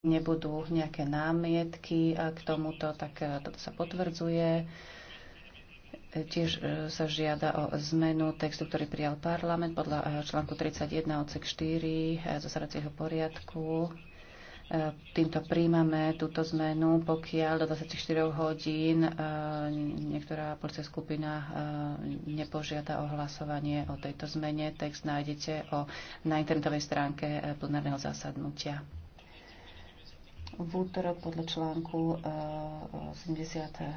nebudú nejaké námietky k tomuto, tak e, toto sa potvrdzuje. Tiež e, sa žiada o zmenu textu, ktorý prijal parlament podľa e, článku 31 odsek 4 zasadacieho poriadku. Týmto príjmame túto zmenu, pokiaľ do 24 hodín niektorá polská skupina nepožiada o hlasovanie o tejto zmene. Text nájdete o, na internetovej stránke plenárneho zasadnutia v útorok podľa článku 70 eh, eh,